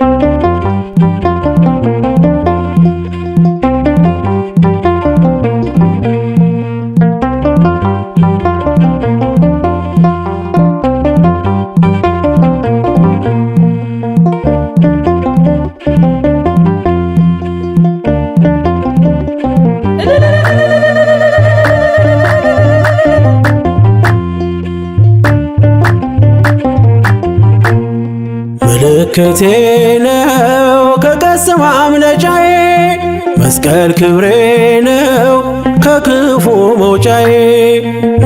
you. ምልክቴ ነው ከቀስት ማምለጫዬ፣ መስቀል ክብሬ ነው ከክፉ መውጫዬ።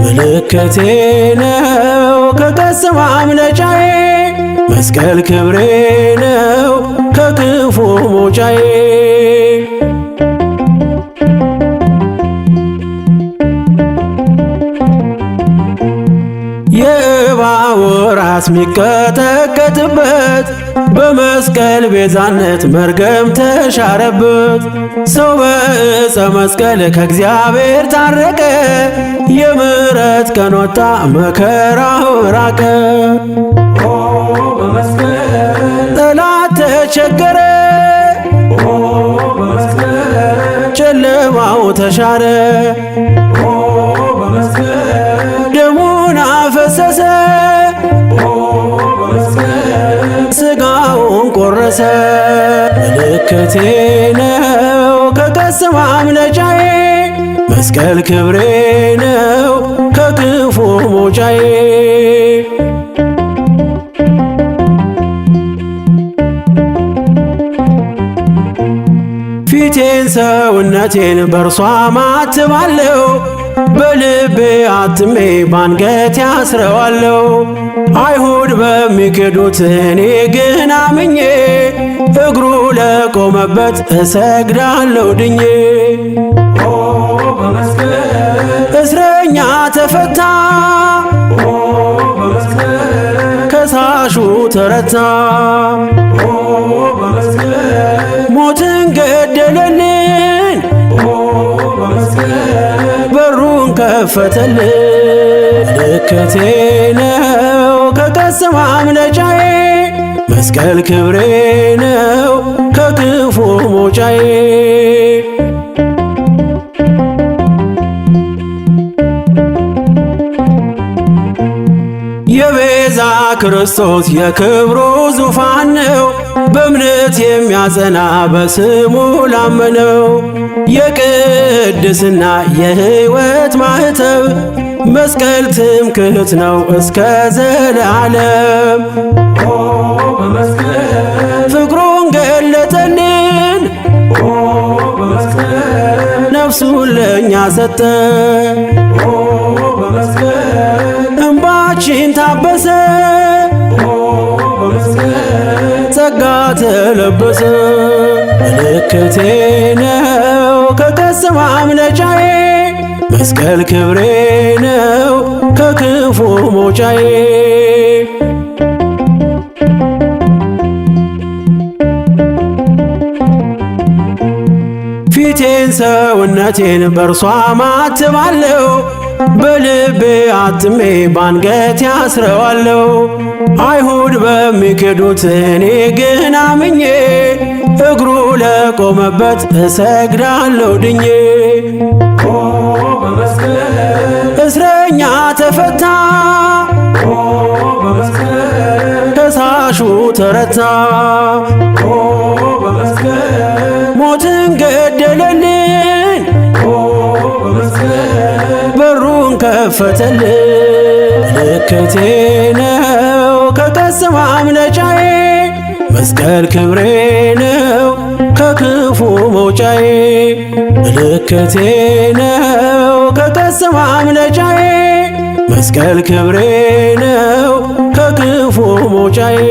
ምልክቴ ነው ከቀስት ማምለጫዬ፣ መስቀል ክብሬ ነው ከክፉ መውጫዬ የገባው ራስ ሚቀጠቀጥበት በመስቀል ቤዛነት መርገም ተሻረበት። ሰው በእፀ መስቀል ከእግዚአብሔር ታረቀ። የምሕረት ቀን ወጣ መከራው ራቀ። ጠላት ተቸገረ፣ ጨለማው ተሻረ። ፈሰሰ ስጋውን ቆረሰ ምልክቴ ነው ከቀስ ማምለጫዬ መስቀል ክብሬ ነው ከክፉ ሞጫዬ ፊቴን ሰውነቴን በእርሷ ማትባለው በልቤ አትሜ ባንገት ያስረዋለው አይሁድ በሚክዱት እኔ ግን አምኜ እግሩ ለቆመበት እሰግዳለው ድኜ እስረኛ ተፈታ ከሳሹ ተረታ ተከፈተልኝ ምልክቴ ነው ከቀስም ማምለጫዬ መስቀል ክብሬ ነው ከክፉ ሞጫዬ ክርስቶስ የክብሩ ዙፋን ነው። በእምነት የሚያጸና በስሙ ላመነው የቅድስና የሕይወት ማህተብ መስቀል ትምክህት ነው እስከ ዘላለም። ፍቅሩን ገለጠልን ነፍሱን ለእኛ ሰጠ። እንባችን ታበሰን ተለበሰ ምልክቴ ነው ከቀስ ማምለጫዬ መስቀል ክብሬ ነው ከክፉ ሞጫዬ ፊቴን ሰውነቴን በእርሷ ማትባለው በልቤ አትሜ ባንገት ያስረዋለው አይሁድ በሚክዱት እኔ ግን አምኜ እግሩ ለቆመበት እሰግዳለሁ ድኜ። እስረኛ ተፈታ፣ ከሳሹ ተረታ፣ ሞትን ገደለልን፣ በሩን ከፈተልን ልክቴነ ተስፋ ማምለጫዬ መስቀል ክብሬ ነው ከክፉ መውጫዬ ምልክቴ ነው ከተስፋ አምለጫዬ መስቀል ክብሬ ነው ከክፉ መውጫዬ